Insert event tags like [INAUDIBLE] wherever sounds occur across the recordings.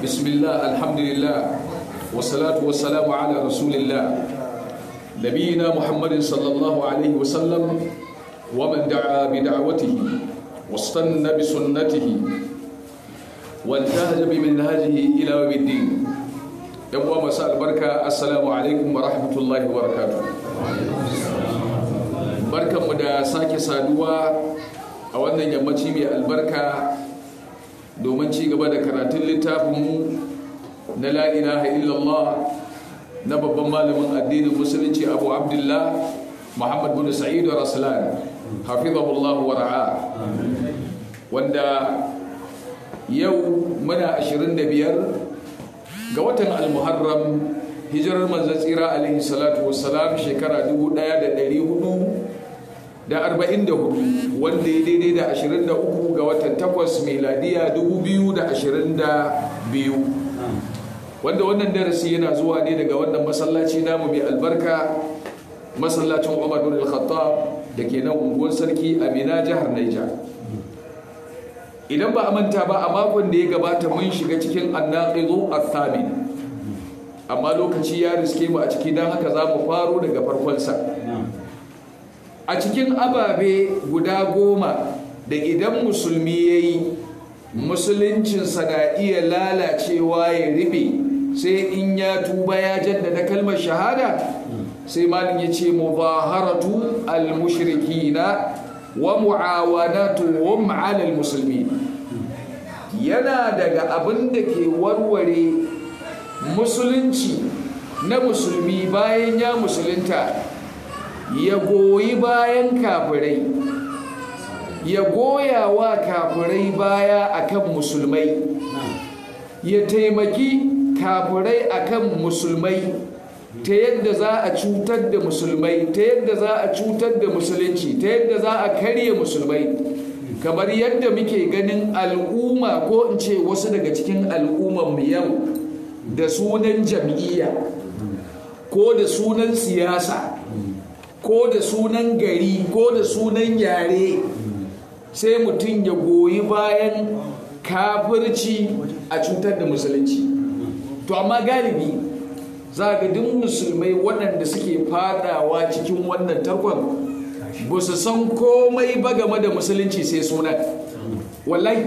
بسم الله الحمد لله والصلاة والسلام على رسول الله نبينا محمد صلى الله عليه وسلم ومن دعا بدعوته واستنى بسنته وانتهج بمنهجه إلى يوم الدين يوم مساء البركة السلام عليكم ورحمة الله وبركاته barkanmu da sake saduwa a wannan yammaci mai albarka domin ci gaba da karatun littafinmu na la'ina illallah na babban malamin addinin musulunci abu abdullah muhammad bin sa'id raslan hafizahullah wa ra'a wanda yau muna 25 ga watan almuharram hijirar manzan tsira alaihi salatu wassalam shekara 1400 da arba'in da hudu wanda ya daidai da ashirin da uku ga watan takwas meladiya dubu biyu da ashirin da biyu wanda wannan darasi yana zuwa ne daga wannan masallaci namu mai albarka masallacin umar bin al-khattab da ke nan unguwar sarki amina jihar naija idan ba a manta ba a makon da ya gabata mun shiga cikin annaqidu athamin amma lokaci ya riske mu a ciki dan haka za mu faro daga farkon sa a cikin ababe guda goma da idan musulmi ya yi musuluncinsa na iya lalacewa ya ribe sai in ya tuba ya jaddada kalmar shahada sai malin ya ce mubaharatu al-mushrikina wa mu'awanatuhum wa ma'alar musulmi. yana daga abin da ke warware musulunci na musulmi bayan ya musulunta ya goyi bayan kafirai ya goya wa kafirai baya akan musulmai ya taimaki kafirai akan musulmai ta yadda za a cutar da musulmai ta yadda za a cutar da musulunci ta yadda za a karye musulmai kamar yadda muke ganin al'umma ko in ce wasu daga cikin al'umman yau da sunan jam'iyya ko da sunan siyasa ko da sunan gari ko da sunan yare sai mutum ya goyi bayan kafirci a cutar da musulunci to amma galibi za ga duk musulmai waɗanda suke fadawa cikin wannan tarkon ba su san komai ba game da musulunci sai sunan wallai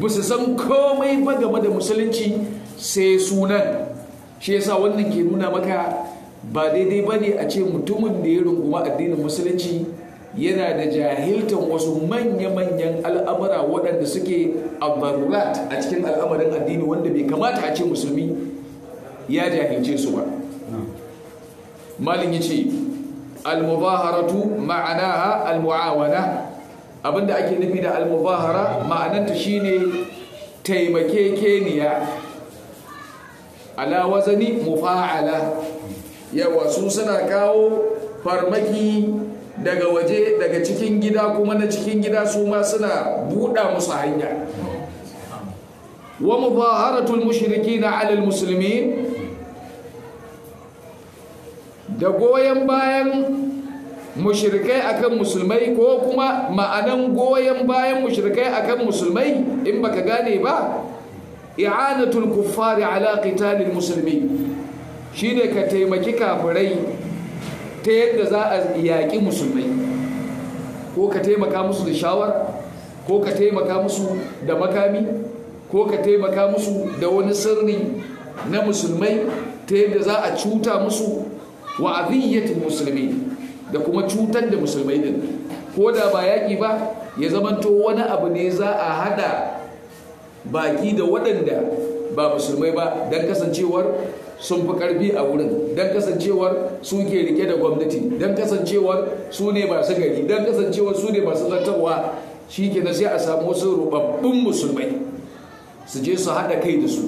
ba su san komai ba game da musulunci sai sunan shi yasa wannan ke nuna maka ba daidai ba ne a ce mutumin da ya runguma addinin musulunci yana da jahiltan wasu manya-manyan al'amura waɗanda suke abarurat a cikin al'amarin addini wanda bai kamata a ce musulmi ya jahilce su ba malin ya ce al-mubaharatu ma'anaha al abinda ake nufi da al-mubahara ma'ananta shine keniya ala wazani mufa'ala yawa su suna kawo farmaki daga waje daga cikin gida kuma na cikin gida su ma suna buɗa musu hanya wa mushriki na alal musulmi? da goyon bayan mushrikai akan musulmai ko kuma ma'anan goyon bayan mushrikai akan musulmai in baka gane ba i'anatul kuffari ala qitalil musulmi. shi ne ka taimaki kafirai ta yadda za a yaƙi musulmai ko ka taimaka musu da shawar, ko ka taimaka musu da makami ko ka taimaka musu da wani sirri na musulmai ta yadda za a cuta musu wa musulmi da kuma cutar da musulmai din ko da ba yaƙi ba ya zamanto wani abu ne za a hada baki da waɗanda ba musulmai ba don kasancewar sun fi karfi a wurin don kasancewar su ke rike da gwamnati don kasancewar su ne masu gari don kasancewar su ne masu zartarwa shi ke sai a samu wasu rubabbin musulmai su je su haɗa kai da su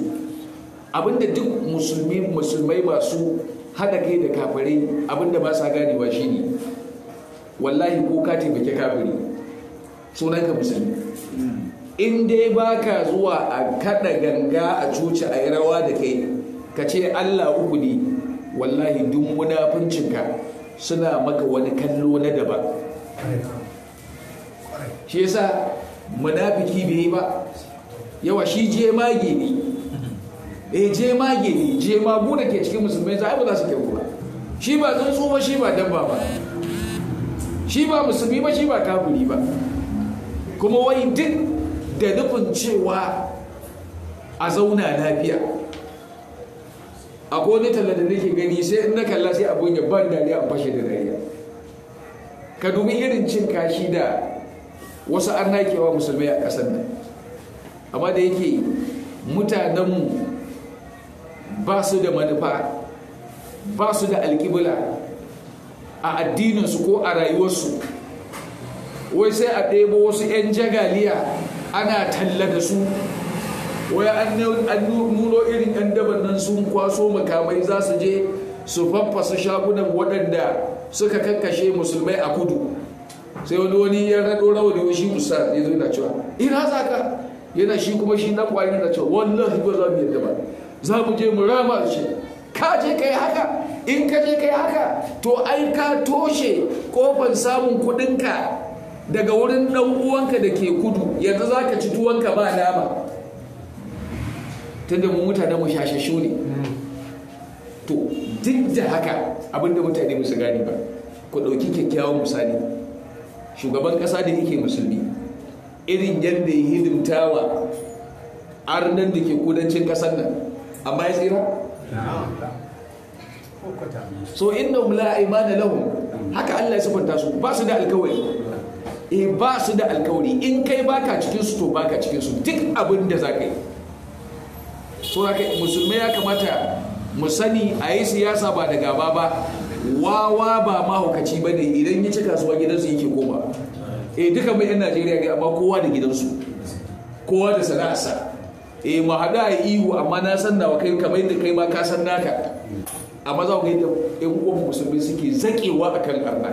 abinda duk musulmi musulmai masu haɗa kai da kafare abinda ba sa ganewa ne, wallahi ko ka taimake kafare sunanka musulmi in dai baka zuwa a kada ganga a cuci a yi rawa da kai ka ce allah uku ne wallahi duk munafuncinka suna maka wani kallo na daban shi yasa munafiki bai yi ba yawa shi mage ne eh mage ne magu da ke cikin musulmai za a ba za su kyau ba shi ba tsuntsu ba shi ba dabba ba shi ba musulmi ba shi ba kafuri ba kuma wani duk da nufin cewa a zauna lafiya a wani talla da nake gani sai in na kalla sai abun ya ban dariya a fashe da dariya ka dubi irin cin kashi da wasu an nakewa musulmai a ƙasar nan amma da yake mutanenmu ba su da manufa ba su da alkibla a addininsu ko a rayuwarsu wai sai a ɗebo wasu 'yan jagaliya ana talla da su wai an nuno irin 'yan daban nan sun kwaso makamai za su je su fafasa shagunan waɗanda suka kankashe musulmai a kudu sai wani wani ya rado rawa da shi musa ya zo yana cewa ina za ka yana shi kuma shi na kwayi yana cewa wallah ba za mu yadda ba za mu je mu rama shi ka je kai haka in ka je kai haka to ai ka toshe kofar samun kuɗinka daga wurin ɗan uwanka da ke kudu yanzu za ka ci tuwanka ba nama tunda mu mutane mu shashashu ne to duk da haka abinda mutane musu gane ba ku ɗauki kyakkyawan misali shugaban ƙasa da yake musulmi irin yadda ya hidimta wa arnan da ke kudancin ƙasar nan amma ya tsira so inna la imana lahum haka Allah ya sifanta su ba su da alkawari eh ba su da alkawari in kai baka cikin su to baka cikin su duk abin da za ka yi so haka musulmi ya kamata mu sani a yi siyasa ba da gaba ba wawa ba mahaukaci ba ne idan ya ci kasuwa gidansu yake koma e duka mai yan najeriya ga amma kowa da gidansu kowa da sana'arsa eh mu haɗu a ihu amma na san nawa kai kamar yadda kai ma ka san naka amma za ku yi da yan uwan musulmi suke zaƙewa akan arna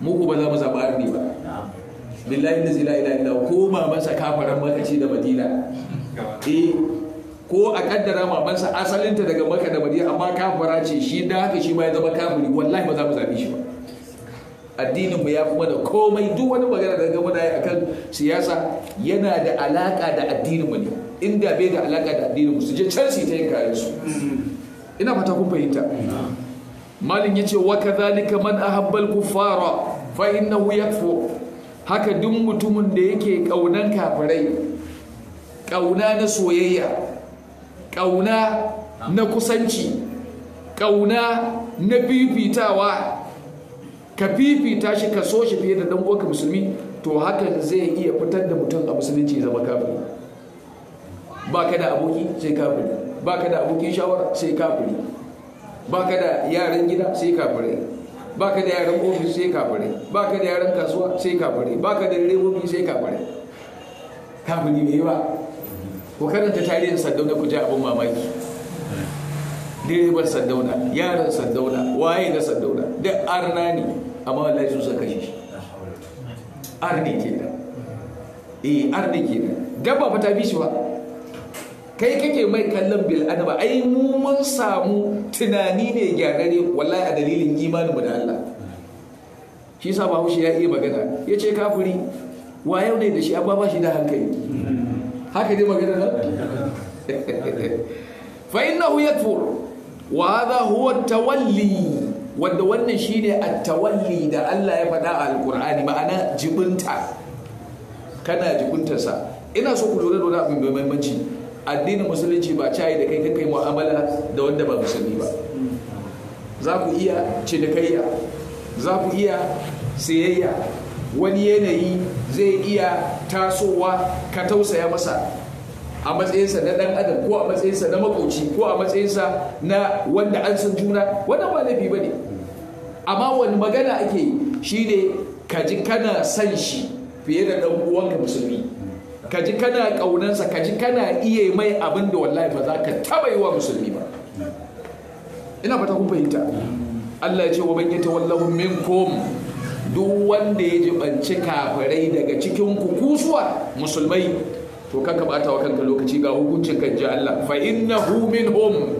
mu ko ba za mu zaɓi arni ba billahi da zila ila ila ko babansa kafaran makaci da madina eh ko a kaddara mamansa asalinta daga maka da madina amma kafara ce shi da haka shi ma ya zama kafiri wallahi ba za mu zaɓi shi ba addinin mu ya kuma da komai duk wani magana da gama da akan siyasa yana da alaka da addinin mu ne inda bai da alaka da addinin mu su je can su ta yin kayan su ina fata kun fahimta malin ce wa kadhalika man ahabba al-kuffara fa innahu yakfur haka duk mutumin da yake kaunan kafirai kauna na soyayya kauna na kusanci kauna na fifitawa ka fifita shi ka so shi fiye da dan uwanka musulmi to haka zai iya fitar da mutum a musulunci zama kafiri ba ka da aboki sai kafiri ba ka da abokin shawara sai kafiri ba ka da yaran gida sai kafare. ba ka da yaran ofis sai kafare. ba ka da yaran kasuwa sai kafare. ba ka da direbobi sai kafirai kafiri ne ba ko karanta tarihin saddauna ku ji abin mamaki direban saddauna yaran saddauna waye na saddauna da arna ne amma wallahi su saka shi arni da. eh arni da dabba ba ta bi shi ba kai kake mai kallon bil adaba ai mu mun samu tunani ne gyarare wallahi a dalilin mu da Allah shi sa bahaushe ya iya magana ya ce kafiri wa yau ne da shi amma ba shi da hankali haka dai magana na [LAUGHS] fa innahu yakfur wa hadha huwa tawalli wanda wannan shine at-tawalli da Allah ya faɗa a alqur'ani ma'ana jibinta kana jibintarsa ina so ku lura da wani abin mai muhimmanci addinin musulunci ba cayi da kai ka kai mu'amala da wanda ba musulmi ba za ku iya cinikayya za ku iya sayayya wani yanayi zai iya tasowa ka tausaya masa a matsayinsa na dan adam ko a matsayinsa na makoci ko a matsayinsa na wanda an san juna wannan ba laifi ba ne amma wani magana ake yi shine ka ji kana san shi fiye da ɗan uwanka musulmi ka ji kana ƙaunansa ka ji kana iya mai abin da wallahi ba za ka taɓa yi wa musulmi ba ina fata kun fahimta Allah ya ce wa bayyata wallahu minkum duk wanda ya jibanci kafirai daga cikin kukusuwa musulmai to kanka bata wa kanka lokaci ga hukuncin kan ji Allah fa innahu minhum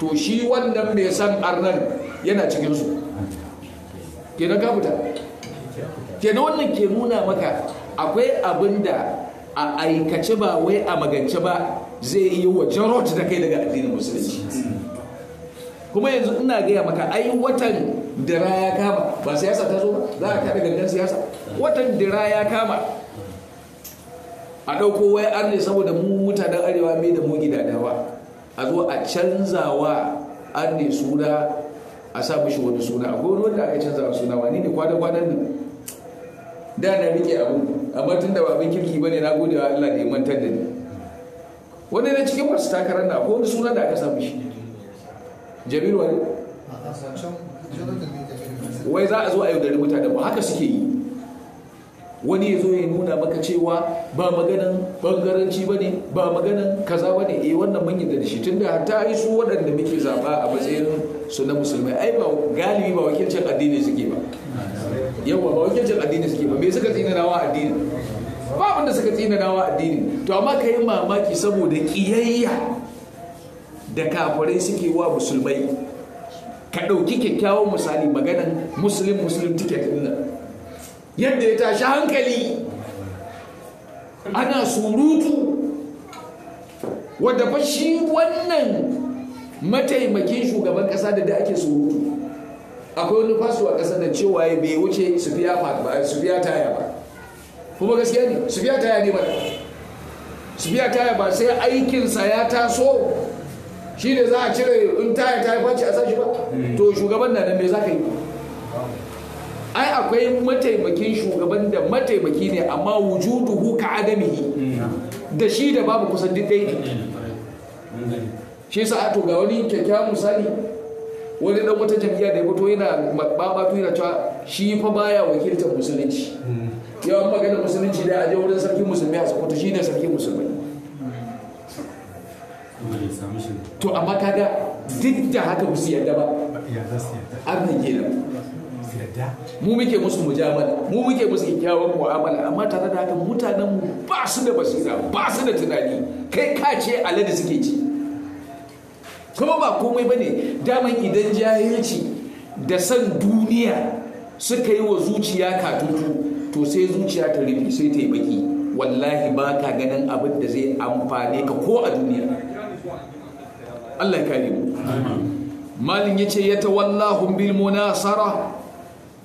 to shi wannan mai san arnan yana cikin su kenan ka fita kenan wannan ke nuna maka akwai abin da a aikace ba wai a magance ba zai yi wajen jarot da kai daga addinin musulunci kuma yanzu ina gaya maka ai watan dira ya kama ba siyasa ta zo za a kada gangan siyasa watan dira ya kama a ɗauko wai an ne saboda mu mutanen arewa mai da mu gidadawa a zo a canzawa an ne suna a sa mishi wani suna a wani wanda aka canza suna wani ne kwanan kwanan nan da na rike abu amma tun da babin kirki bane na gode wa Allah da ya mantar da ni wani na cikin masu takarar na ko wani suna da aka samu shi jamilu wani wai za a zo a yau gari mutane ba haka suke yi wani ya zo ya nuna maka cewa ba maganan bangaranci ba ne ba maganan kaza ba ne eh wannan mun yadda da shi tunda ta yi su waɗanda muke zaba a matsayin su na musulmai ai ba galibi ba wakilcin addini suke ba yawa ba jin addini suke ba me suka tsinanawa addini ba wanda suka tsinanawa addini to amma ka yi mamaki saboda kiyayya da kafirai suke wa musulmai ka ɗauki kyakkyawan misali maganan Musulun-Musulun ticket ɗin yadda ya tashi hankali ana surutu wadda fa shi wannan mataimakin shugaban ƙasa da da ake surutu akwai wani fasuwa a ƙasar cewa ya bai wuce su biya eh, taya ba kuma gaskiya ne su biya taya ne ba su biya taya ba sai aikinsa ya taso shi ne za a cire in taya ta faci a sashi ba hmm. to shugaban na nan mai za ka yi ai akwai mataimakin shugaban da mataimaki ne amma wujudu huka adamihi hmm. da shi da babu kusan duk ɗaya ne hmm. shi sa'a to ga wani kyakkyawan misali wani dan wata jam'iyya da ya fito yana babatu yana cewa shi fa baya wakiltar musulunci hmm. yawan magana musulunci da aje wurin sarkin musulmi a sokoto shine sarkin musulmi to amma kaga duk da haka musu yadda ba abin gina mu muke musu mujamala mu muke musu kyakkyawan mu'amala amma tare da haka mutanen mu ba su da basira ba su da tunani kai ka ce alade suke ci kuma ba komai ba ne daman idan jahilci da san duniya suka yi wa zuciya katutu to sai zuciya ta rufe sai ta yi baki wallahi ba ka ganin abin da zai amfane ka ko a duniya Allah ya kare mu malin yace ya tawallahu bil munasara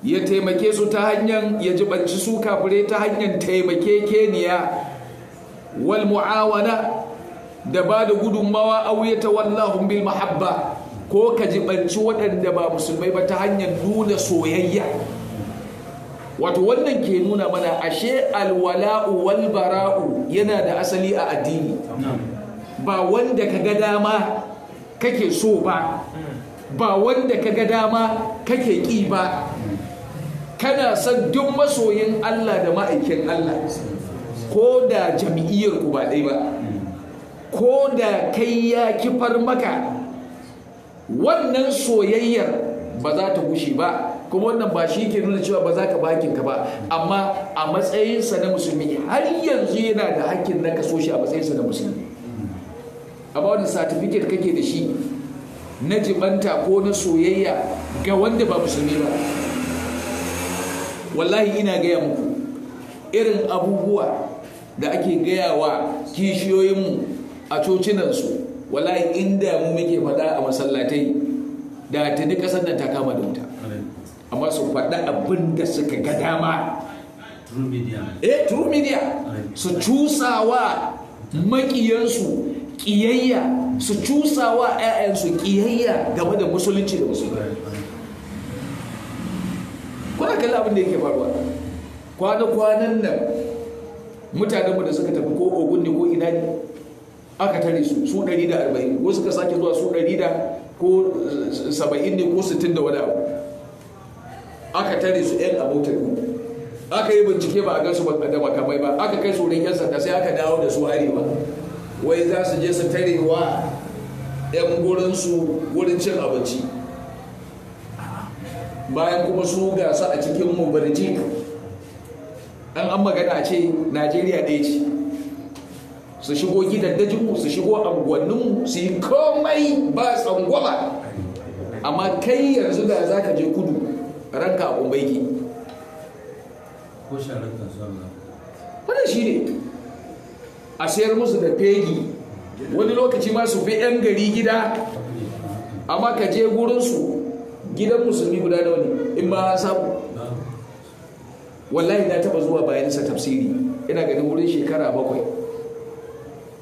ya taimake su ta hanyar ya jibanci su kafure ta hanyar keniya, wal mu'awana da ba da gudunmawa ta wallahun bil mahabba ko ka jibanci waɗanda ba musulmai ba ta hanyar nuna soyayya wato wannan ke nuna mana ashe alwala'u wal bara'u yana da asali a addini ba wanda ka ga dama kake so ba ba wanda ka ga dama kake ƙi ba kana san duk masoyin Allah da ma'aikin Allah ko da jam'iyyarku ku ba ɗai ba ko da kai ya kifar maka wannan soyayyar ba za ta gushe ba kuma wannan ba shi ke nuna cewa ba za ka bakin ka ba amma a matsayinsa na musulmi har yanzu yana da hakkin na kaso shi a matsayinsa na musulmi amma wani certificate kake da shi na jibanta ko na soyayya ga wanda ba musulmi ba wallahi ina gaya muku irin abubuwa da ake gaya wa kishiyoyinmu a cocinansu wallahi inda mu muke faɗa a masallatai da tuni kasar nan ta kama da wuta amma su faɗa abin da suka ga dama eh true media su cusawa makiyansu ƙiyayya su cusawa 'ya'yansu kiyayya game da musulunci da musulunci kuna kalli abin da yake faruwa kwana-kwanan nan mutanenmu da suka tafi ko ogun ne ko ina ne aka tare su su 140 wasu ka sake zuwa su 100 ko eh, saba'in ne ko 60 da wani abu aka tare su yan abota aka yi bincike ba a ba da makamai ba aka kai su yan sanda sai aka dawo da su arewa wai za su je su tare wa yan gurin su wurin cin abinci bayan kuma su gasa a cikin mubarji an an magana ce najeriya ɗaya ce su shigo gidaddajinmu su shigo anguwanninmu su yi komai ba tsangwama amma kai yanzu da za ka je kudu ranka a kumbaiki wannan shi ne a sayar musu da fegi wani lokaci ma su fi 'yan gari gida amma ka je gurinsu gidan musulmi guda da wani in ba samu wallahi na taba zuwa bayan sa tafsiri ina ganin wurin shekara bakwai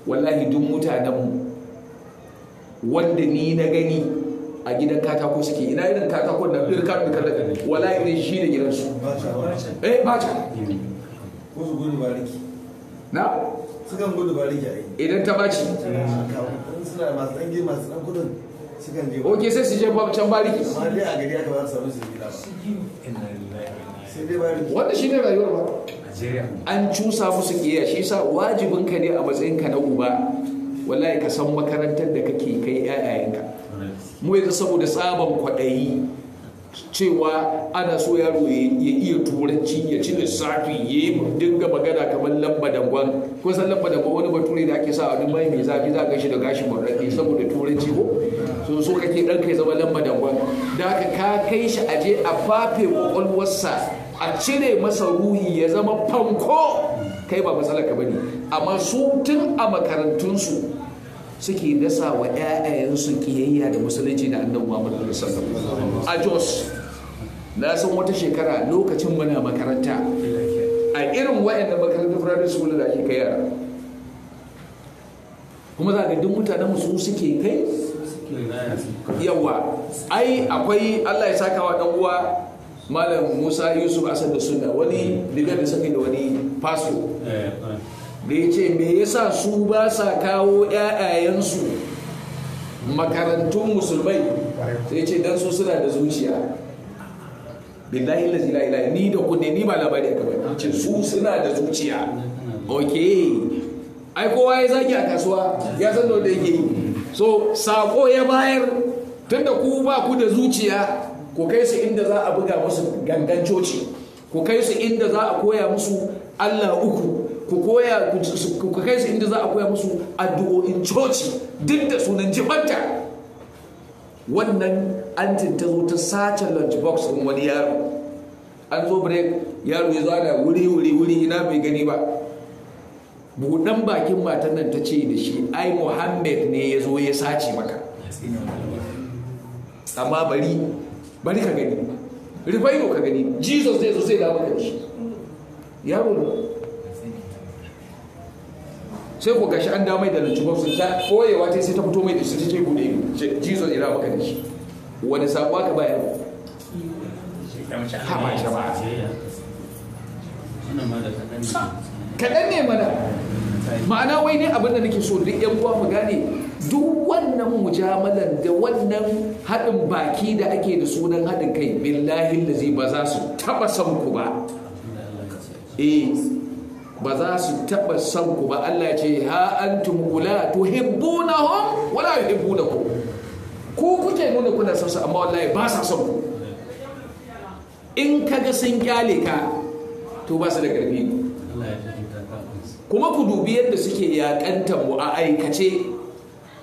wallahi duk mutanenmu wanda ni na gani a gidan katako suke ina irin katakon da bir kan da wallahi ne shi da gidan su ba ta eh, ko su gudu bariki na sukan gudu ba bariki ai idan ta baci suna masu dan masu dan gudun sukan je ok sai su je can bariki amma dai a gari aka ba su samu su gida ba wanda shi ne rayuwar ba an cusa musu kiyaya shi sa wajibin ka ne a matsayin ka na uba wallahi ka san makarantar da kake kai ƴaƴayenka mu yanzu saboda tsaban kwaɗayi cewa ana so yaro ya iya turanci ya ci lissafi ya yi dinga magana kamar lamba dangon ko san lamba dangon wani bature da ake sa a wani mai mai zafi za ka shi da gashi murɗaɗɗe saboda turanci ko so so kake ɗan kai zama lamba dangon da ka kai shi aje a fafe kwakwalwarsa a cire masa ruhi ya zama fanko kai ba matsala ka bane amma su tun a makarantunsu suke dasa wa 'ya'yansu kiyayya da musulunci da annabi Muhammad sallallahu a Jos na san wata shekara lokacin muna makaranta a irin wayannan makarantar primary school da ake kai yara kuma za ga duk mutanen su suke kai yawa ai akwai Allah ya saka wa dan uwa malam musa yusuf asad da suna wani daga da suka da wani faso eh, eh. da ya ce me yasa su ba sa kawo 'ya'yayensu makarantun musulmai sai ce dan su suna da zuciya billahi la ilaha ni da kunne ni ba labari aka bai ce su suna da zuciya ok ai kowa ya zaki a kasuwa ya san da yake yi so sako ya bayar tunda ku ba ku da zuciya ko kai su inda za a buga musu gangan coci Ko kai su inda za a koya musu Allah uku ku koya ku kai su inda za a koya musu addu'o'in coci duk da sunan jibanta wannan an ta zo ta sace lunch box din wani yaro an zo break yaro ya zo ana wuri wuri wuri ina bai gani ba dan bakin matan nan ta ce da shi ai muhammad ne ya zo ya sace maka amma bari bari ka gani rufa ka gani jesus zai zo zai dawo da shi ya ne sai ko gashi an dawo mai da lunchbox ta koyewa ta sai ta fito mai da shi ta gude jesus ya dawo maka da shi wani sabuwa aka bayar ha kaɗan ne mana ma'ana wai ne abin da nake so duk yan uwa mu gane duk wannan mujamalan da wannan haɗin baki da ake da sunan haɗin kai billahi da zai ba za su taɓa son ku ba eh ba za su taɓa son ku ba Allah ce ha antum ula hon, wala yi na ku kuke nuna kuna san su amma wallahi ba sa son ku in kaga sun kyale ka to ba su da ƙarfi kuma ku dubi yadda suke yakantar mu a aikace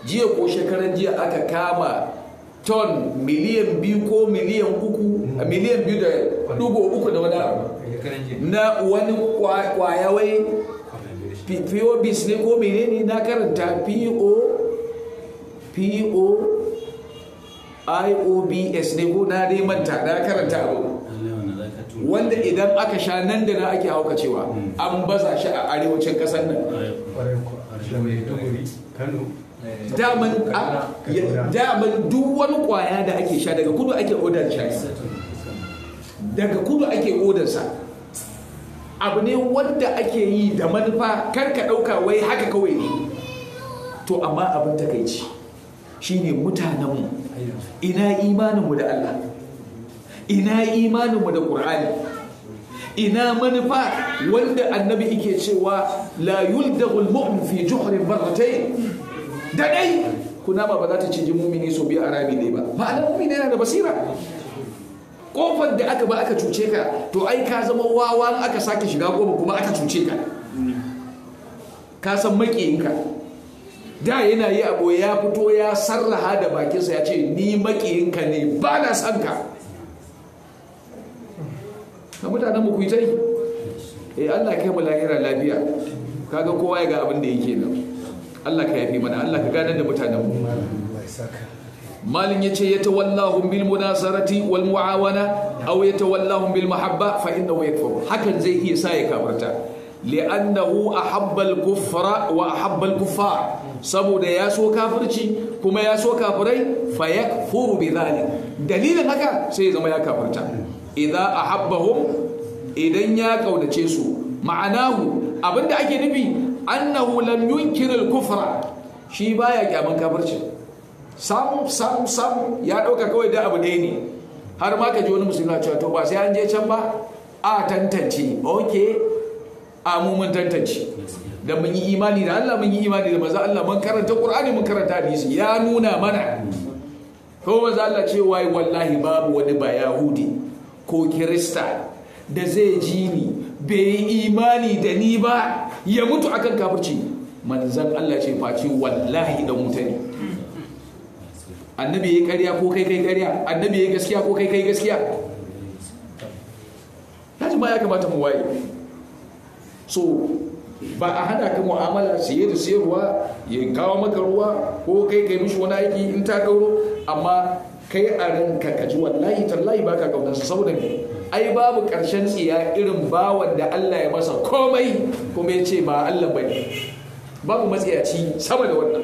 jiya ko shekaran jiya aka kama ton miliyan biyu ko miliyan uku a miliyan biyu da dubu uku da wani abu na wani kwayawai POBs ne ko menene na karanta PO POIOBS ne ko na dai manta na karanta abu wanda idan aka sha nan da na ake hauka cewa an baza shi a arewacin kasar nan daman duk wani kwaya da ake sha daga kudu ake odar shi daga kudu ake odar sa, abu ne wanda ake yi da manufa kar ka ɗauka wai haka kawai ne to amma abin takaici shine mutanenmu ina imaninmu da Allah ina imaninmu da Qur'ani ina manufa wanda annabi yake cewa la yuldaghu al-mu'min fi juhrin yi?" da dai kuna ba za ta ciji mumini so biyu a Rabi ne ba Ba ma'ana mumini yana da basira kofar da aka ba aka cuce ka to ai ka zama wawa aka sake shiga goma kuma aka cuce ka ka san makiyinka da yana yi abu ya fito ya sarraha da bakinsa ya ce ni makiyinka ne ba na san ka ka mutane mu kuitai eh Allah kai mu lahira lafiya kaga kowa ya ga abin da yake nan Allah ka yafi mana Allah ka ganar da mutanenmu malin ya ce ya tawallahun bil munasarati wal mu'awana aw ya tawallahun bil mahabba fa innahu yakfur hakan zai iya sa ya kafirta li'annahu ahabba al-kuffara wa ahabba al saboda ya so kafirci kuma ya so kafirai fa bi dhalik dalilin haka sai ya zama ya kafirta idza ahabbahum idan ya kaunace su ma'anahu abinda ake nufi annahu lam yunkiril kufra shi baya kyaman kafirci sam sam sam ya dauka kawai da abu dai ne har ma ka ji wani musulmi cewa to ba sai an je can ba a tantance okay a mu mun tantance da mun yi imani da Allah mun yi imani da maza Allah mun karanta Qur'ani mun karanta hadisi ya nuna mana ko maza Allah ce wai wallahi babu wani ba Yahudi ko Kirista da zai ji ni bai imani da ni ba ya mutu akan kafirci manzan Allah ce faci wallahi da wuta ne annabi yi ƙarya ko kai kai ƙarya annabi ya yi gaskiya ko kai kai gaskiya laji ma ya kamata mu waye so ba a hada ka mu'amala siye da siyarwa ya kawo maka ruwa ko kai kai mishi wani aiki in ta kauro amma kai a ranka ka ji wallahi tallahi ka kaunar saboda me ai babu ƙarshen tsiya irin bawan da Allah ya masa komai kuma ya ce ba Allah ba ne babu matsiyaci sama da wannan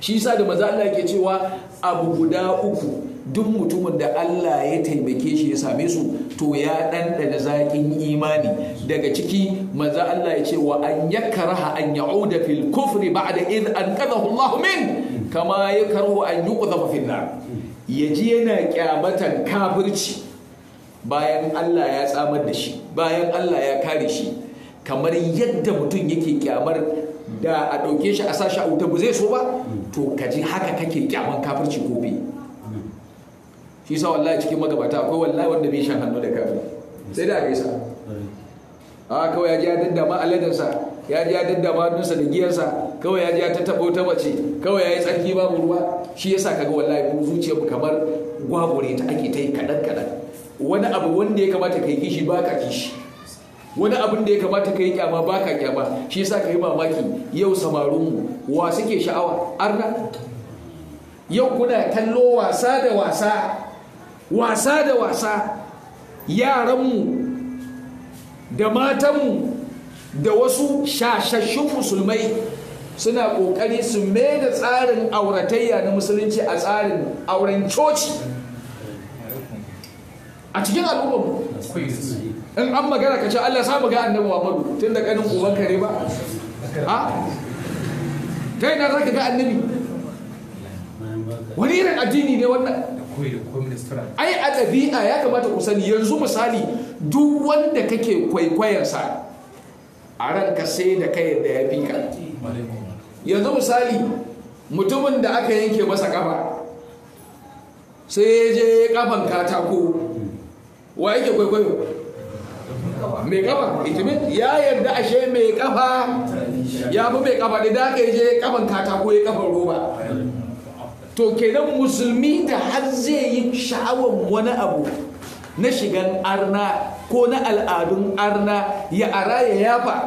shi sa da maza Allah ke cewa abu guda uku duk mutumin da Allah ya taimake shi ya same su to ya ɗanɗana zaƙin imani daga ciki maza Allah ya ce wa an yakraha an ya'uda fil kufri ba'da in an qadahu Allah min kama yakrahu an yuqdhafa fil nar yaji yana kyamatan kafirci bayan Allah ya tsamar da shi bayan Allah ya kare shi kamar yadda mutum yake kyamar da a ɗauke shi a sa shi a wuta ba zai so ba to ka ji haka kake kyaman kafirci gobe shi sa wallahi cikin magabata akwai wallahi wanda bai shan hannu da kafin sai da gaisa a kawai ya ji ya daddama aladansa ya ji ya daddama hannunsa da giyarsa kawai ya ji ya tattaɓa ta mace kawai ya yi tsarki babu ruwa shi yasa kaga wallahi ko zuciyarmu kamar gwagure ta ake ta yi kaɗan kaɗan wani abu wanda ya kamata ka yi kishi ba ka kishi wani abin da ya kamata ka yi kyama ba ka kyama shi yasa ka yi mamaki yau samarinmu wa suke sha'awa arna yau kuna kallo wasa da wasa wasa da wasa yaranmu da matanmu da wasu shashashun musulmai suna ƙoƙari su mai da tsarin auratayya na musulunci a tsarin auren coci a cikin al'ummar mu in an magana ka ce Allah ya mu ga annabi Muhammadu tun da kanin uban kare ba a ta ga annabi wani irin addini ne wannan ai a ɗabi'a ya kamata ku sani yanzu misali duk wanda kake sa, a ranka sai da kai da ya fi ka yanzu misali mutumin da aka yanke masa kafa sai ya je kafan katako wa yake kwaikwayo mai kafa itimin ya yarda ashe mai kafa ya fi mai kafa da daga je kafan katako ya kafan roba to kenan musulmi da har zai yi sha'awar wani abu na shigan arna ko na al'adun arna ya ara ya yafa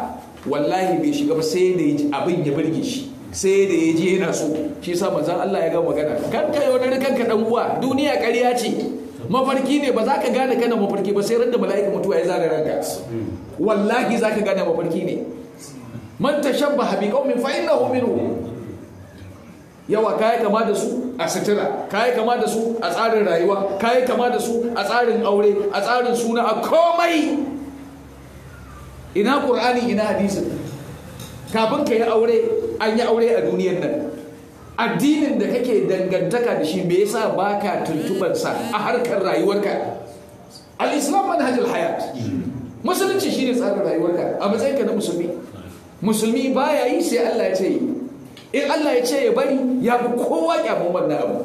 wallahi bai shiga ba sai da abin ya birge shi sai da ya je yana so shi sa mazan Allah ya ga magana kanka yau da kanka dan uwa duniya ƙarya ce mafarki ne ba za ka gane kana mafarki ba sai randa mala'ika mutuwa ya zaga ranka wallahi za ka gane mafarki ne man tashabbaha bi qaumin fa innahu minhum yawa kayi kama da su a sutura kayi kama da su a tsarin rayuwa kayi kama da su a tsarin aure a tsarin suna a komai ina ƙur'ani ina hadisin kafin ka yi aure an yi aure a duniyar nan addinin da kake dangantaka da shi me yasa baka ka sa a harkar rayuwarka al-islam manhajul hayat musulunci shine tsarin rayuwarka a ka na musulmi musulmi baya yi sai Allah ya ce yi in Allah ya ce ya bari ya fi kowa kyamun wannan abu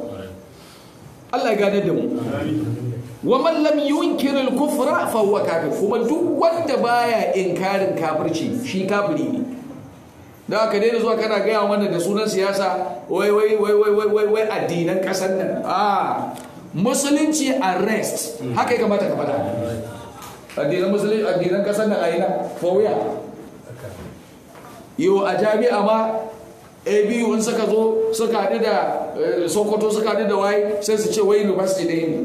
Allah ya gane da mu wa man lam yunkir al-kufra fa huwa kafir kuma duk wanda baya inkarin kafirci shi kafiri ne da ka daina zuwa kana gaya mana da sunan siyasa wai wai wai wai wai wai wai addinan kasan nan a musulunci arrest haka ya kamata ka fada addinan musulunci addinan kasan nan a for where yau a jami'a ma abu in suka zo suka haɗu da eh, sokoto suka haɗu da wai? sai su ce wai university ɗaya ne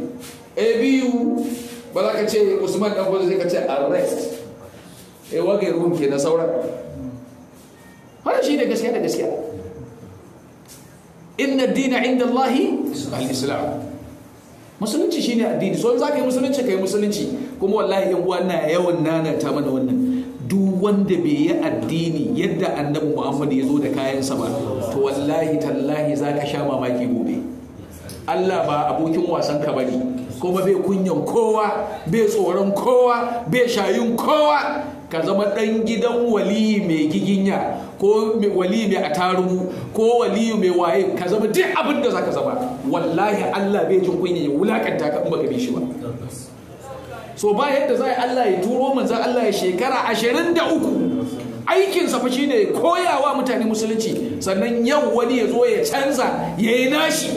abu ba za ka ce usman dan sai ka ce arrest eh wage ruwan ke na sauran Mana shi ne gaskiya da inna dina inda Allahi al-islam musulunci shi shine addini so za ka yi musulunci ka yi musulunci kuma wallahi yan uwa na yawan nanata mana wannan duk wanda bai yi addini yadda annabi Muhammad ya zo da kayansa ba to wallahi tallahi za ka sha mamaki gobe Allah ba abokin wasan ka bane kuma bai kunyan kowa bai tsoron kowa bai shayin kowa ka zama ɗan gidan waliyu mai giginya ko waliyu mai atarugu ko waliyu mai waye ka zama duk abin da za ka zama wallahi Allah bai jin kunya ya wulakanta ka in baka shi ba so ba yadda za Allah ya turo manzo Allah ya shekara ashirin da uku. aikinsa fa ne koyawa mutane musulunci sannan yau wani ya zo ya canza ya yi nashi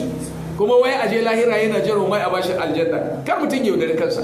kuma wai aje lahira yana jarumai wai a bashi aljanna kar mutum ya yaudari kansa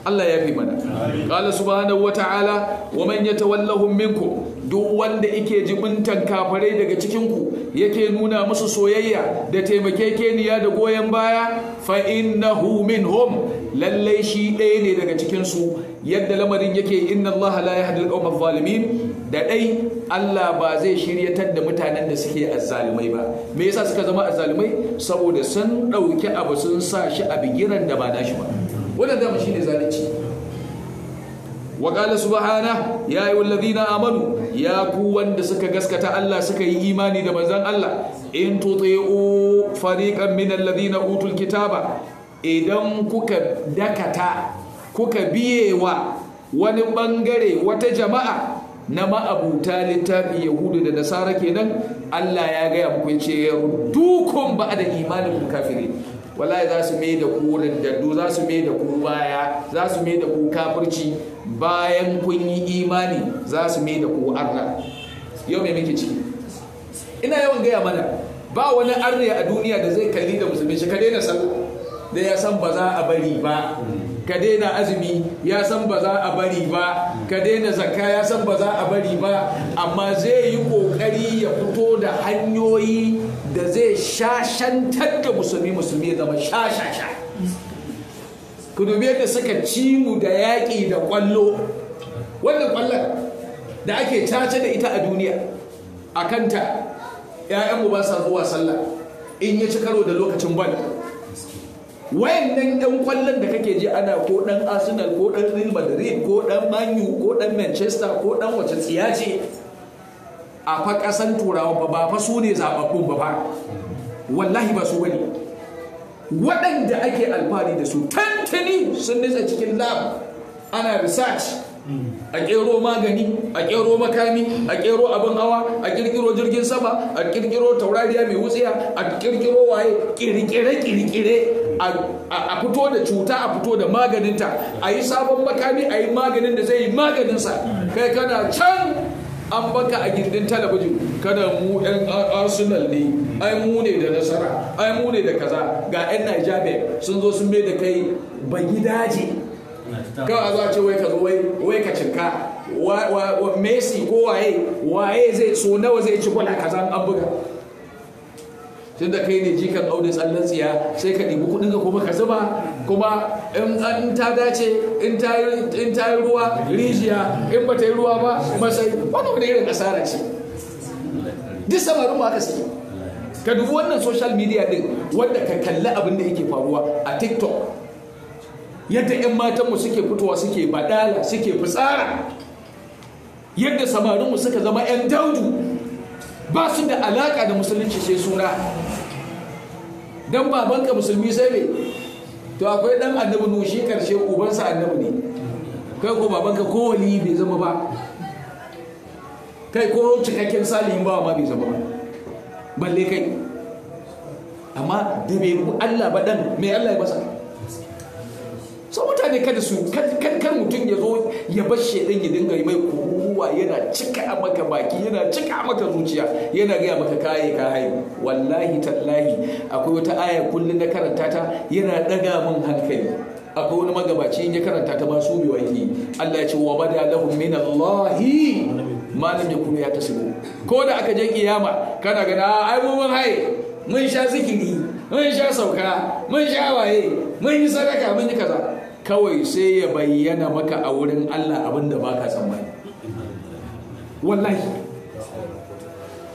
Allah ya fi mana qala subhanahu ta'ala, wa man yatawallahum minkum duk wanda yake jibintan kafarai daga cikin ku yake nuna musu soyayya da taimake taimakekeniya da goyon baya fa innahu hom. lallai shi ɗaya ne daga cikin su yadda lamarin yake inna Allah la yahdi al-qawma zalimin da ɗai Allah ba zai shiryatar da mutanen da suke azzalumai ba me yasa suka zama azzalumai saboda sun ɗauki abu sun sa shi a bigiran da ba shi ba wannan dama shine zalunci wa qala subhana ya ayyuhallazina amanu ya ku wanda suka gaskata Allah suka yi imani da manzon Allah in tuti'u fariqan minal ladina utul kitaba idan kuka dakata kuka biyewa wani bangare wata jama'a na ma'abuta littafi yahudu da nasara kenan Allah ya gaya muku ya ce dukun ba da imanin kafiri wallahi za su mai da ku daddu za su mai da ku baya za su mai da ku kafirci bayan kun yi imani za su mai da ku arna yau me muke ciki ina yawan gaya mana ba wani arne a duniya da zai kalli da musulmi shi ka daina san, da ya san ba za a bari ba ka daina azumi ya san ba za a bari ba ka daina zakka ya san ba za a bari ba amma zai yi kokari ya fito da hanyoyi da zai shashantar da musulmi musulmi ya zama shashasha ku dubi yadda suka ci mu da yaƙi da ƙwallo wannan ƙwallon da ake cace da ita a duniya a kanta 'ya'yanmu ba sa zuwa sallah in ya ci karo da lokacin bal wayannan ɗan kwallon da kake ji ana ko ɗan arsenal ko ɗan real madrid ko ɗan manu ko ɗan manchester ko ɗan wace tsiya ce a fa ƙasan turawa ba ba fa su ne zaɓaɓɓun ba fa wallahi ba su bane waɗanda ake alfahari da su tantani sun nitsa cikin lab ana research a kero magani a kero makami a kero abin hawa a kirkiro jirgin sama a kirkiro taurariya mai wutsiya a kirkiro waye kirkire kirkire a fito da cuta a fito da maganinta a yi sabon makami a yi maganin da zai yi maganinsa kai kana can an baka a gindin talabijin kana mu yan arsenal ne ai mu ne da nasara ai mu ne da kaza ga yan nigeria sun zo sun mai da kai ba gidaje kawai a zuwa ce wai ka zo wai ka cinka wa messi ko waye waye zai so nawa zai ci gwala kaza an buga tun da kai ne jikan aure tsallan tsiya sai ka ɗibi kuɗin ka kuma ka zuba kuma in ta dace in ta yi ruwa rijiya in ba ta yi ruwa ba masai wannan wani irin asara ce duk samarin ma aka saki ka dubi wannan social media din wanda ka kalli abin da yake faruwa a tiktok yadda 'yan matanmu suke fitowa suke badala suke fitsara yadda samarinmu suka zama 'yan daudu ba su da alaƙa da musulunci sai suna don babanka musulmi sai ne to akwai ɗan annabi nu shi ƙarshe ubansa annabi ne kai ko babanka ko wali bai zama ba kai ko cikakken salihin ba ma bai zama ba balle kai amma da bai Allah ba ɗan, mai Allah ya basa. so mutane kada su kan mutum ya zo ya bar shaidan ya dinga mai kowa yana cika maka baki yana cika maka zuciya yana gaya maka kaye ka haihu wallahi tallahi akwai wata aya kullum na karanta ta yana daga min hankali akwai wani magabaci in ya karanta ta ba su bi wani Allah ya ce wa bada lahum min ya kuma ya ta yatasibu ko da aka je kiyama kana gana ah, ai mun haye mun sha zikiri mun sha sauka mun sha waye mun yi sadaka mun yi kaza kawai sai ya bayyana maka a wurin Allah abin da baka tsammani wallahi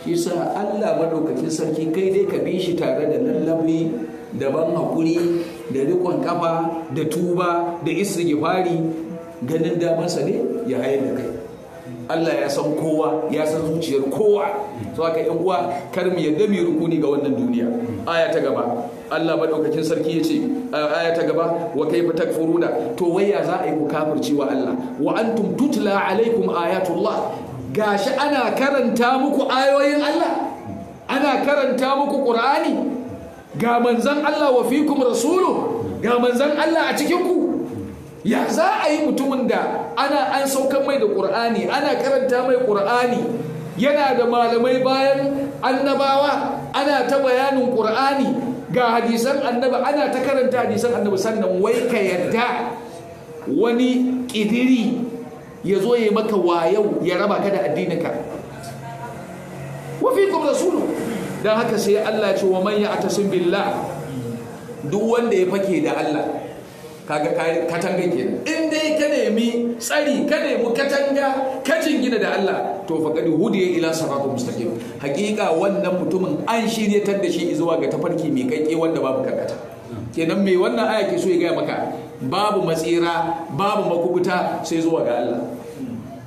shi sa Allah maɗaukacin sarki kai dai ka bi shi tare da lallabi da ban hakuri da rikon kafa da tuba da gifari ganin damansa ne ya hayar da kai Allah ya san kowa ya san zuciyar kowa so haka yan uwa kar mu yadda mu rukuni ga wannan duniya aya ta gaba Allah madaukakin sarki yace aya ta gaba wa kaifa takfuruna to waya za a yi ku kafirci wa Allah wa antum tutla alaikum ayatullah gashi ana karanta muku ayoyin Allah ana karanta muku Qur'ani ga manzon Allah wa fikum rasulu ga manzon Allah a cikin ku ya za a yi mutumin da ana an saukan mai da ƙur'ani ana karanta mai ƙur'ani yana da malamai bayan annabawa ana ta bayanin ƙur'ani ga hadisan annaba ana ta karanta hadisan annabi sannan wai ka yarda wani ƙidiri ya zo ya yi maka wayau ya raba ka da addininka wafi kuma rasulu Don haka sai Allah ce wa manya a ya'tasim billah duk wanda ya fake da Allah kaga katangan kenan in dai ka nemi tsari ka nemi katanga ka jingina da Allah to fa hudu ya ila siratul mustaqim hakika wannan mutumin an shiryatar da shi zuwa ga tafarki mai kaike wanda babu karkata kenan mai wannan aya ke so ya gaya maka babu matsira babu makubuta sai zuwa ga Allah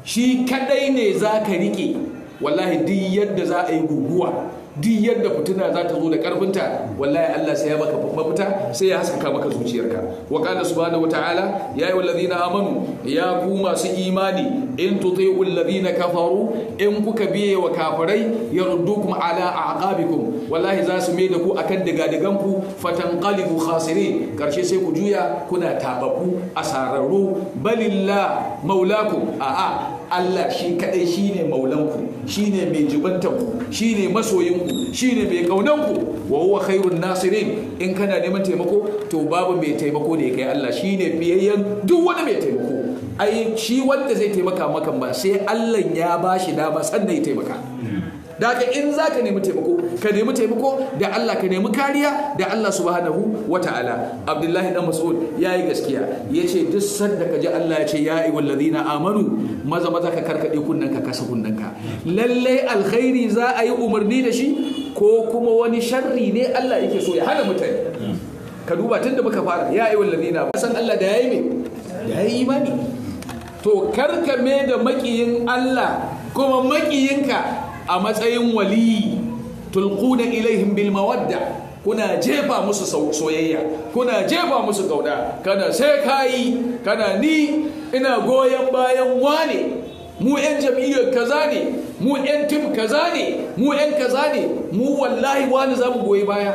shi kadai ne zaka riƙe? wallahi duk yadda za a yi guguwa duk yadda fitina za ta zo da karfinta wallahi Allah sai ya maka mafita sai ya haskaka maka zuciyarka wa qala subhanahu wataala ya Ladina amanu ya ku masu imani in tuti'u alladhina kafaru in kuka biye wa kafirai yaruddukum ala aqabikum wallahi za su mai da ku akan digadigan ku fatanqalibu khasirin karshe sai ku juya kuna tabaku asararru balillah maulakum a'a Allah shi kadai shine maulanku shine mai jibantanku shine masoyinku shine mai kaunanku wa huwa khairun nasirin in kana neman taimako to babu mai taimako da ya kai Allah shine biyayyan duk wani mai taimako ai shi wanda zai taimaka maka ba sai Allah ya bashi dama sannan ya taimaka da haka in za ka nemi taimako ka nemi taimako da Allah ka nemi kariya da Allah subhanahu wa ta'ala Abdullahi dan Mas'ud yi gaskiya ya ce, duk sanda ka ji Allah ya ce ya ayyuhal ladina amanu maza maza ka karkade kunnen ka kasa kunnen ka lalle alkhairi za a yi umarni da shi ko kuma wani sharri ne Allah yake so ya hana mutane ka duba tun da muka fara ya ayyuhal ladina san Allah da yayi me da yayi imani to karka me da makiyin Allah kuma makiyinka a matsayin waliyi tulquna ilaihim bil mawadda kuna jefa musu soyayya kuna jefa musu kauda kana sai kayi kana ni ina goyon bayan wane mu yan jam'iyyar kaza ne mu yan tim kaza ne mu yan kaza ne mu wallahi wani zamu goyi baya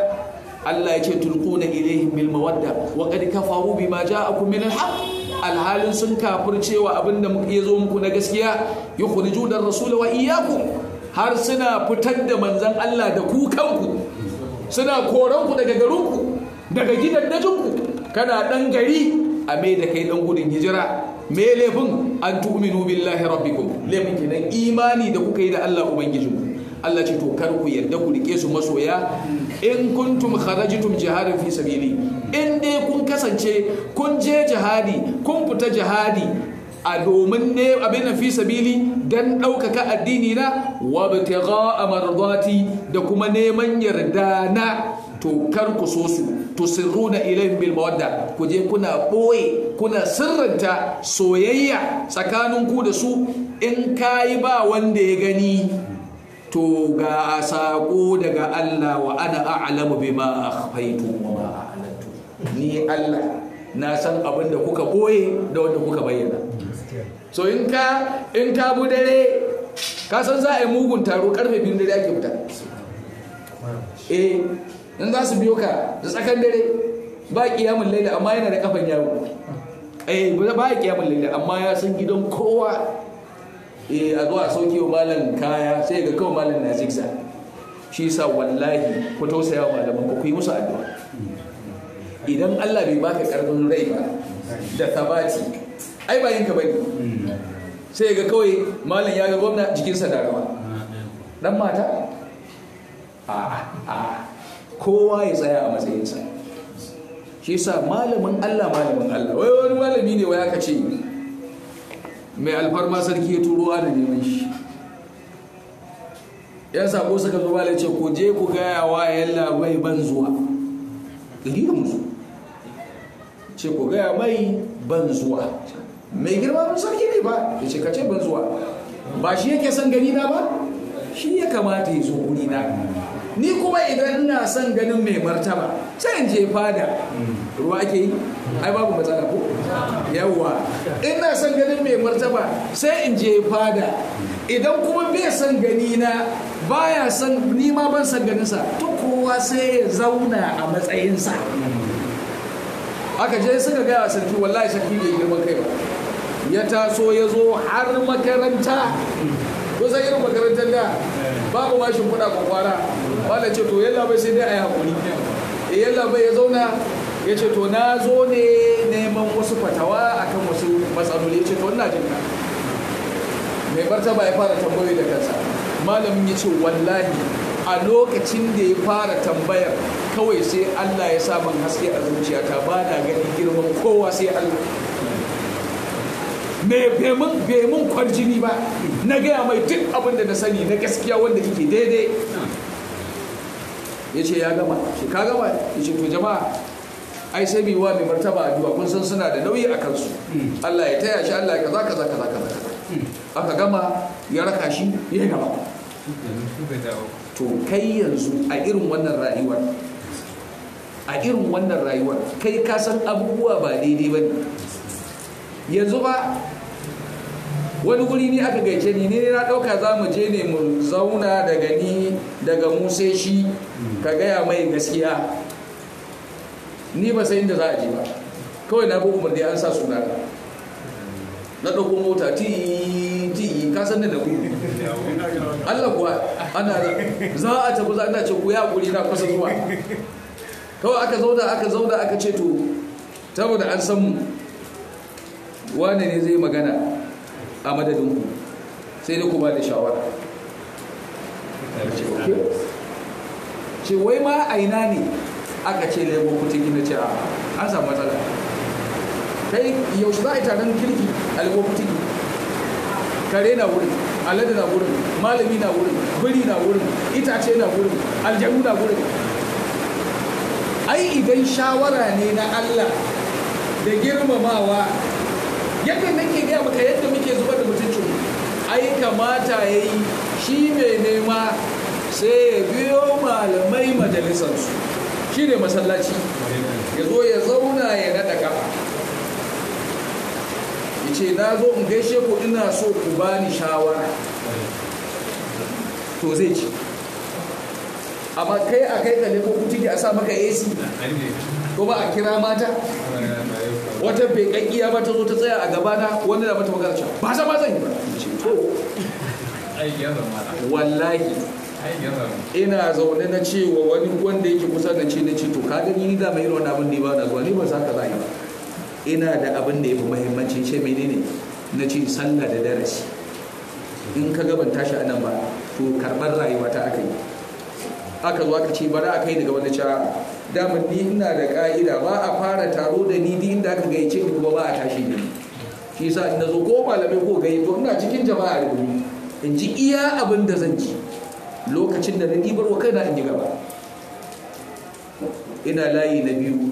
Allah ya ce tulquna ilaihim bil mawadda wa qad kafaru bima ja'akum min al haqq alhalin sun cewa abinda ya zo muku na gaskiya yukhrijuna ar-rasula wa iyyakum har suna fitar da manzan Allah da kukanku, suna koranku daga garinku daga gidan dajinku kana ɗan gari a mai da kai ɗan gudun hijira me laifin an tu'minu billahi rabbikum laifin kenan imani da kuka yi da Allah ubangijinku Allah ce to kar ku yarda ku rike su masoya in kuntum kharajtum jihadan fi sabili in dai kun kasance kun je jihadi kun fita jihadi a domin ne abin fi sabili don ɗaukaka addini na wa a da kuma neman yarda na to kar ku so su to na ilayhim bil mawadda ku je kuna boye kuna sirranta soyayya tsakanin ku da su in ka yi ba wanda ya gani to ga sako daga Allah wa ana a'lamu a akhfaytum wa ma a'lantum ni Allah na san abin da kuka boye da wanda kuka bayyana so in ka in ka bu dare ka san za a yi mugun taro karfe biyu dare ake fita eh in za su biyo ka da tsakan dare ba kiyamun laila amma yana da kafan yawo eh ba ya kiyamun laila amma ya san gidan kowa eh a zuwa sauki wa malam kaya sai ga kawai malam na zigza shi sa wallahi ku tausaya wa malaman ku yi musu addu'a idan Allah bai baka karfin rai ba da tabati ai ba yinka bane sai ga kawai malam ya ga gwamna jikinsa da rawa dan mata a a kowa ya tsaya a matsayinsa shi sa malamin Allah malamin Allah wai wani malami ne wai aka ce mai alfarma sarki ya turo da neman shi yan sako suka zo malam ce ku je ku gaya wa yalla bai ban zuwa gari musu ce ku gaya mai ban zuwa mai girma mun sarki ne ba ya ce kace ban zuwa ba shi yake son gani na ba shi ya kamata ya zo guri na ni kuma idan ina son ganin mai martaba sai in je fada ruwa ake yi ai babu matsala ko yawa ina son ganin mai martaba sai in je fada idan kuma bai son gani na baya son ni ma ban san ganin sa to kowa sai ya zauna a matsayinsa aka je suka gaya sarki wallahi sarki bai girman kai ba ya taso ya zo har makaranta ko sai irin makarantar da babu mashin kuɗa kwakwara da ce to yalla bai sai dai a yi haƙuri e yalla bai ya zauna ya ce to na zo ne neman wasu fatawa akan wasu matsaloli ya ce to wannan jin ka mai ba ya fara tambayoyi da kansa malamin ya ce wallahi a lokacin da ya fara tambayar kawai sai Allah ya samun haske a zuciyata ba na ganin girman kowa sai Allah mai bemin bemin kwarjini ba na gaya mai duk abin da na sani na gaskiya wanda yake daidai ya ce ya gama shi ka gama ya ce to jama'a ai sai biyuwa mai martaba addu'a kun san suna da nauyi a kansu Allah ya taya shi Allah ya kaza kaza kaza kaza aka gama ya raka shi ya gaba to kai yanzu a irin wannan rayuwar a irin wannan rayuwar kai ka san abubuwa ba daidai ba ne yanzu ba wani guri ne aka gaishe ni ne na ɗauka za mu je ne mu zauna daga ni daga mu sai shi ka gaya mai gaskiya ni ba sai inda za a je ba kawai na bugu da an sa suna na ɗauko mota ti ti ka san da ku Allah kuwa ana za a tafi za a ce ku ya guri na kusa zuwa kawai aka zauna aka zauna aka ce to saboda an san mu wane ne zai magana a madadinku sai da ku da shawara ce wai ma aina ne aka ce laifin kutuki na ce an samu matsala kai yaushe za a yi taron kirki a laifin kutuki kare na wurin alade na wurin malami na wurin biri na wurin itace na wurin aljanu na wurin ai idan shawara ne na allah da girmamawa yadda nake gaya maka yadda muke zubar da mutuncin ai kamata ya yi shi mai nema sai ya biyo malamai majalisarsu shi ne masallaci ya zo ya zauna ya nada kafa ya ce na zo in gaishe ku ina so ku bani shawara to zai ci amma kai a kai ka nemo kutuki a sa maka ac ko ba a kira mata wata bekakkiya ba ta zo ta tsaya a gabana wanda da mata magana cewa ba za ma zai yi ba ce wallahi ina zaune na ce wa wani wanda yake kusa da ce na ce to ka gani ni da mai irin wani abin da ba na zuwa ni ba za ka za yi ba ina da abin da ya fi muhimmanci ce menene na ce sallah da darasi in ka gaban tashi anan ba to karɓar rayuwa ta aka yi aka zo aka ce za a kai daga wani cewa damar ni ina da ka'ida ba a fara taro da ni in da aka gaice ni kuma ba a tashi ni shi sa ina nazo ko malamai ko gaye to ina cikin jama'a da ni in ji iya abin da zan ji lokacin da na ɗibar wa kaina in ji gaba ina layi na biyu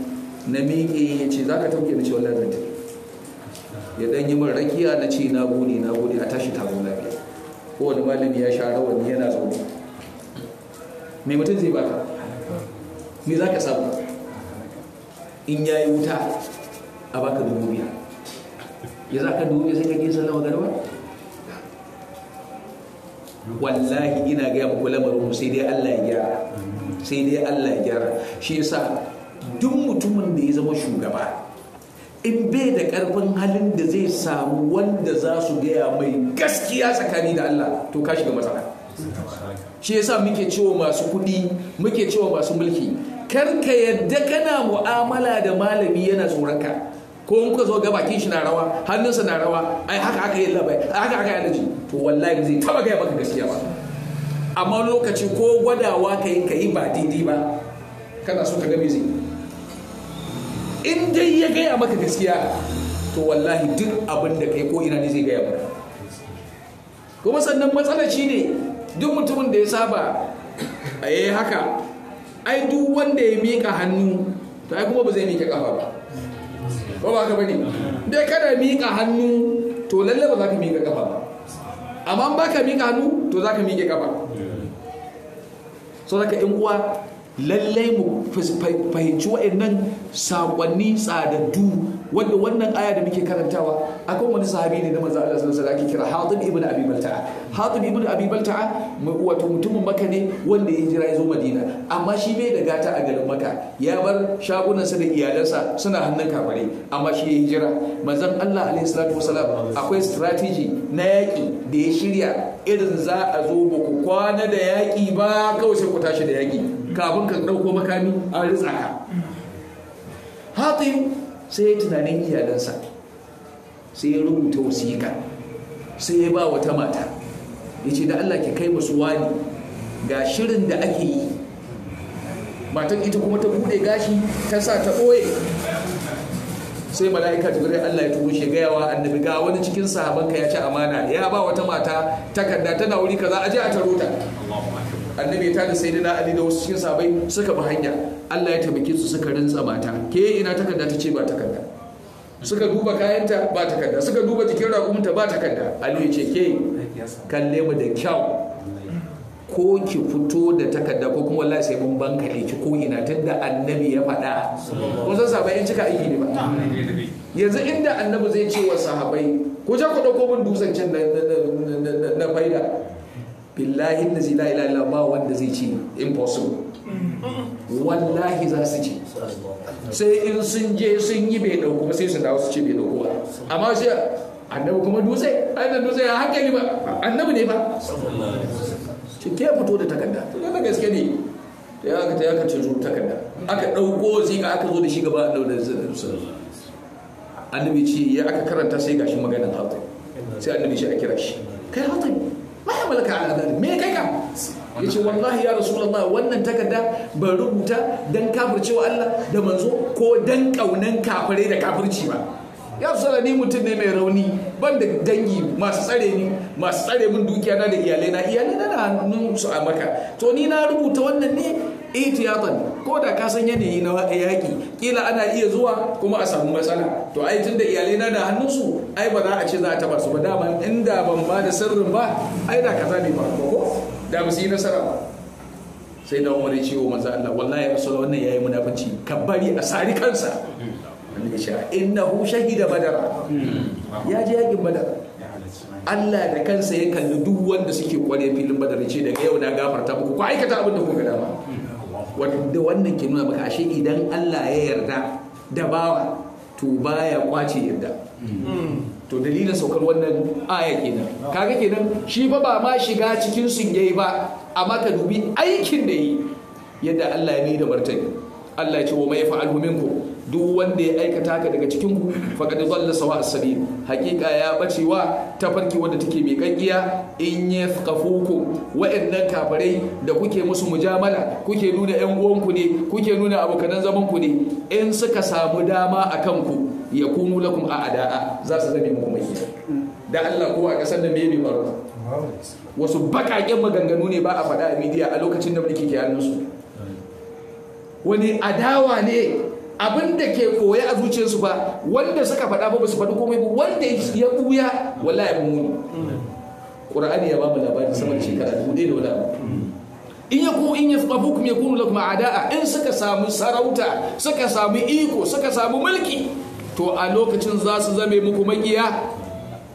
na miƙe ya ce za ka tauke na ce wallah zan ya ɗan yi min rakiya na ce na gode na gode a tashi taro lafiya kowane malami ya sha rawani yana zo mai mutum zai baka me za ka samu in ya yi wuta a baka dubu biya ya za ka dubu biya sai ka ke na gari ba wallahi ina gaya muku lamarin sai dai Allah ya gyara sai dai Allah ya gyara shi yasa duk mutumin da ya zama shugaba in bai da karfin halin da zai samu wanda za su gaya mai gaskiya tsakani da Allah to ka shiga matsala shi yasa muke cewa masu kuɗi muke cewa masu mulki kar ka yadda kana mu'amala da malami yana tsoraka ko in kuka zo ga bakin shi na rawa hannunsa na rawa ai haka aka yi labai haka aka yi alaji to wallahi ba zai taba gaya maka gaskiya ba amma lokaci ko gwadawa ka yi ka yi ba daidai ba kana so ka ga zai in dai ya gaya maka gaskiya to wallahi duk abin da kai ko ina ne zai gaya maka kuma sannan matsala shi ne duk mutumin da ya saba a yi haka ai duk wanda ya miƙa hannu to ai kuma ba zai miƙe kafa ba ba ba ka bane dai kada miƙa hannu to lalle ba za ka miƙa kafa? ba amma ba ka miƙa hannu to za ka miƙe kafa? so daga in uwa lallai mu fahimci waɗannan saƙonni tsadaddu wanda wannan aya da muke karantawa akan wani sahabi ne na manzo Allah sallallahu alaihi wasallam ake kira Hatib ibn Abi Balta'a Hatib ibn Abi Balta'a wato mutumin Makka ne wanda ya hijira ya zo Madina amma shi bai da gata a garin Makka ya bar shagunansa da iyalansa suna hannun kafare amma shi ya hijira manzon Allah alaihi salatu wasallam akwai strategy na yaƙi da ya shirya irin za a zo ba ku kwana da yaƙi ba kawai sai ku tashi da yaƙi kafin ka ɗauko makami an ritsa ka hatim sai ya tunanin iyalansa sai ya rubuta wasiƙa sai ya ba wata mata ya ce da Allah ki kai masu wani ga shirin da ake yi matan ita kuma ta bude gashi ta sa ta ɓoye sai mala'ika jibril Allah ya turo shi annabi ga wani cikin sahabanka ya ci amana ya ba wata mata takarda tana wuri kaza a je a taro ta annabi ya tada sayyidina ali da wasu cikin sabai suka bi hanya Allah ya taimake su suka rintsa mata ke ina takarda ta ce ba takarda suka duba kayanta ba takarda suka duba jikin raƙumunta ba takarda ali ya ce ke kalle mu da kyau ko ki fito da takarda ko kuma wallahi sai mun banka ne ki ko ina tunda annabi ya faɗa kun san sabai in cika aiki ne ba yanzu inda annabi zai ce wa sahabai ku ja ku dauko min dusan can na faida billahi da la ilaha ba wanda zai ci impossible wallahi za su ci sai in sun je sun yi bai dauku ba sai su dawo su ci bai dauku ba amma sai annabi kuma dutse annabi dutse ya hankali ba annabi ne ba cike fito da takarda to da gaske ne ta yi aka ta ya ce zuwa takarda aka dauko zika aka zo da shi gaba annabi da sallallahu annabi ce ya aka karanta sai gashi maganin hatim sai annabi shi a kira shi kai hatim ma ya malaka me kai ka yace wallahi ya rasulallah. wannan takarda ban rubuta dan kafircewa Allah da manzo ko dan kaunan kafirai da kafirci ba ya rasulullah ni mutum ne mai rauni ban da dangi masu tsare ni masu tsare min dukiya na da iyalai na iyalai na na su a maka to ni na rubuta wannan ne itiyatan ko da ka san yanayi na yaƙi kila ana iya zuwa kuma a samu matsala to ai tunda iyalai na da su ai ba za a ce za a taba su ba dama inda ban ba da sirrin ba ai da kaza ne ba ko da ba su yi nasara ba sai da umar ciwo manzo Allah wallahi rasul wannan yayi munafici ka bari a sari kansa ya innahu shahida badar ya je yakin badar Allah da kansa ya kalli duk wanda suke kware filin badar ce daga yau na gafarta muku ku aikata abin da kuka dama Da wannan ke nuna maka ashe idan Allah ya yarda da bawa to baya kwace yarda to dalilin saukar wannan aya kenan kaga kenan shi ba ba ma shiga cikin sun yayi ba amma ka dubi aikin da yi yadda Allah ya yi da martani Allah ya ce wa mai fa'alu minkum duk wanda ya aikata ka daga cikin ku faqad dhalla sawa as-sabil ya bace wa tafarki wanda take mai kakkiya in wa wa'annan kafirai da kuke musu mujamala kuke nuna yan uwanku ne kuke nuna abokan zaman ku ne in suka samu dama akan ku yakunu lakum a'da'a za su zame muku da Allah ko a kasar da me bai faru wasu bakaƙen maganganu ne ba a faɗa a midiya a lokacin da muke ke su. wani adawa ne abin da ke koya a zuciyarsu ba wanda suka faɗa ba su faɗi komai ba wanda ya buya wala ya muni ƙura'ani ya bamu labari saman shekara dubu ɗaya da wala abu in ya ku in ya kuma ya kunu kuma a'da'a in suka samu sarauta suka samu iko suka samu mulki to a lokacin za su zame muku makiya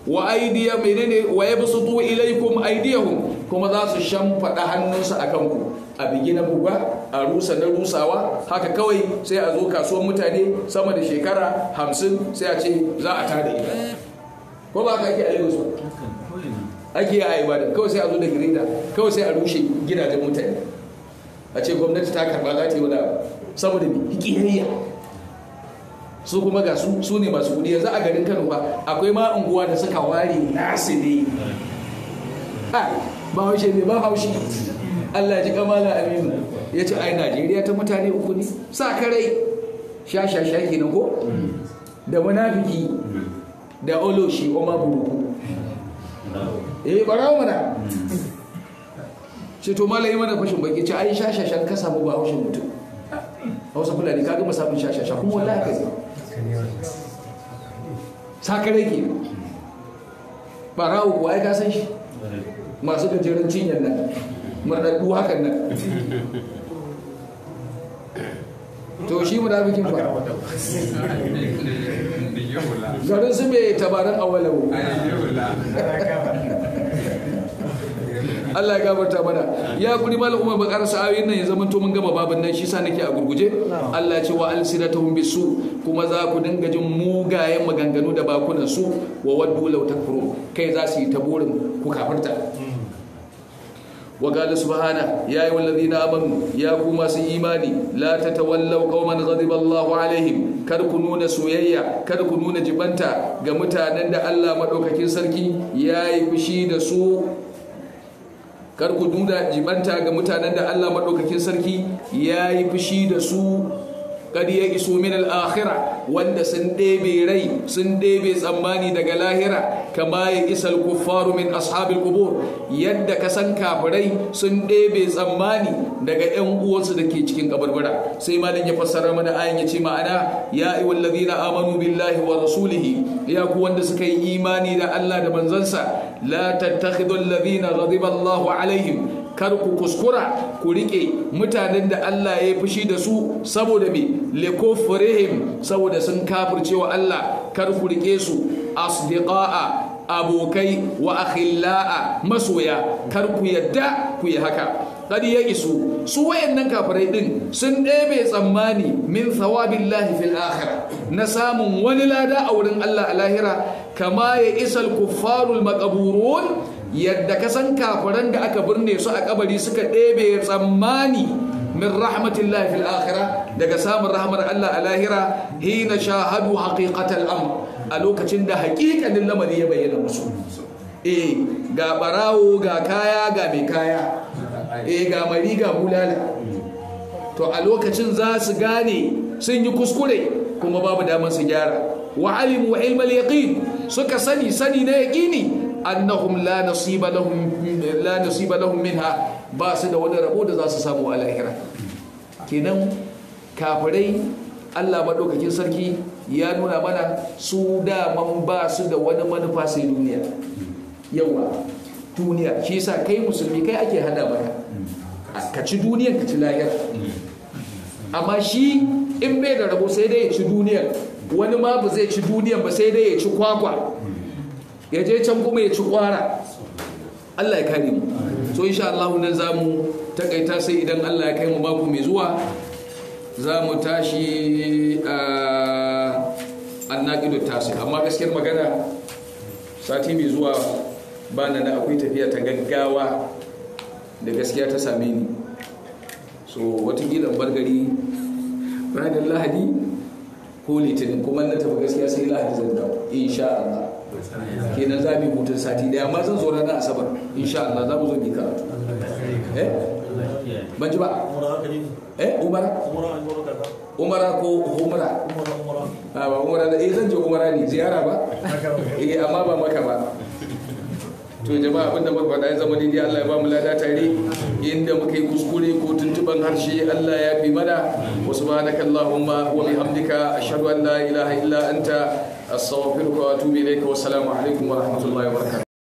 wa aidiya menene wa tuwa ilaikum aydiyahum kuma za su faɗa hannunsu a kanku. a bigi na buga a rusa na rusawa haka kawai sai a zo kasuwan mutane sama da shekara hamsin sai a ce za a tada ita ko ba ka ake a lagos ake a ibadan kawai sai a zo da girida kawai sai a rushe gidajen mutane a ce gwamnati ta karba za ta yi wani da mai hikiyayya su kuma ga su su ne masu kudi yanzu a garin kano ba akwai ma unguwa da suka ware nasu ne ba haushe ne ba haushi Allah ji kamala aminu ya ce ai Najeriya ta mutane uku ne sa karai sha sha sha kenan ko da munafiki da oloshi oma buruku eh bara mana ce to malai mana fashin baki ce ai sha sha sha ka samu ba haushin mutum hausa fulani ka gama samun sha sha sha kuma wallahi ka sa karai ke bara ko ai ka san shi masu gajeren cinyar nan murɗaɗɗu hakan nan to shi mu munafikin ba garin su mai tabarin awalau Allah ya gabata mana ya kuri malam umar bakar sa'awi nan ya zama to mun gama babin nan shi sa nake a gurguje Allah ya ce wa alsinatuhum bisu kuma za ku dinga jin mugayen maganganu da bakunan su wa waddu law takfurun kai za su yi ta burin ku kafirta وقال سبحانه يا أيها الذين آمنوا يا كما إيماني لا تتولوا قوما غضب الله عليهم kar ku nuna soyayya kar ku nuna jibanta ga mutanen da Allah madaukakin sarki ya yi fushi da su kar ku nuna jibanta ga mutanen da Allah madaukakin sarki ya yi fushi da su kad ya iso min al wanda sun ɗebe rai sun ɗebe tsammani daga lahira kama ya isa al-kuffaru min ashabil qubur yadda ka san kafirai sun ɗebe tsammani daga ƴan uwansu da ke cikin kabarbara sai malam ya fassara mana ayan ya ce ma'ana ya ayyuhallazina amanu billahi wa rasulihi ya ku wanda suka yi imani da Allah da manzansa la tattakhidul ladina ghadiba Allahu alaihim kar ku kuskura ku riƙe mutanen da Allah ya fushi da su saboda me likufrihim saboda sun wa Allah kar ku riƙe su asdiqa'a abokai wa akhilla'a masoya kar ku yadda ku yi haka kad ya isu su wayannan kafirai din sun ɗebe tsammani min thawabillahi fil akhirah na samun wani lada a wurin Allah a lahira kama ya isal kuffarul maqburun yadda ka san kafiran da aka birne su a kabari suka ɗebe tsammani min rahmatillahi fil akhirah daga samun rahmar Allah a lahira hina shahadu haƙiƙatar am a lokacin da haƙiƙanin lamari ya bayyana musu eh ga ɓarawo, ga kaya ga mai kaya eh ga mari ga bulala to a lokacin za su gane sun yi kuskure kuma babu damar su gyara wa alimu ilmal yaqin suka sani sani na yaƙini annahum la nasiba lahum la nasiba lahum minha ba su da wani rabo da za su samu a lahira kenan kafirai Allah madaukakin sarki ya nuna mana su man ba su da wani manufa sai duniya yawa duniya shi yasa kai musulmi kai ake hada maka ka ci duniyar ka ci lahira amma shi in bai da rabo sai dai ya ci duniyar wani ma ba zai ci duniyar ba sai dai ya ci kwakwa ya je can kuma ya ci kwara Allah ya kare mu so insha Allah nan mu takaita sai idan Allah ya kai mu mako mai zuwa za mu tashi a ah, annaqidu tasu. amma gaskiyar magana sati mai zuwa ba na da akwai tafiya ta gaggawa da gaskiya ta same ni so watakila bar gari lahadi ko litinin kuma na tafi gaskiya sai lahadi zan dawo insha Allah kenan za mu hutun sati daya amma zan zo na asabar insha Allah za mu zo mu karatu eh ban ji ba eh umara umara ko umara a ah, ba umara da eh zan je umara ne ziyara ba [LAUGHS] eh amma ba maka ba to jama'a abinda muka faɗa ya zama daidai Allah ya ba mu lada tare inda muka yi kuskure ko tuntuban harshe Allah ya fi mana wa subhanakallahumma wa bihamdika ashhadu an la ilaha illa anta أستغفرك وأتوب إليك والسلام عليكم ورحمة الله وبركاته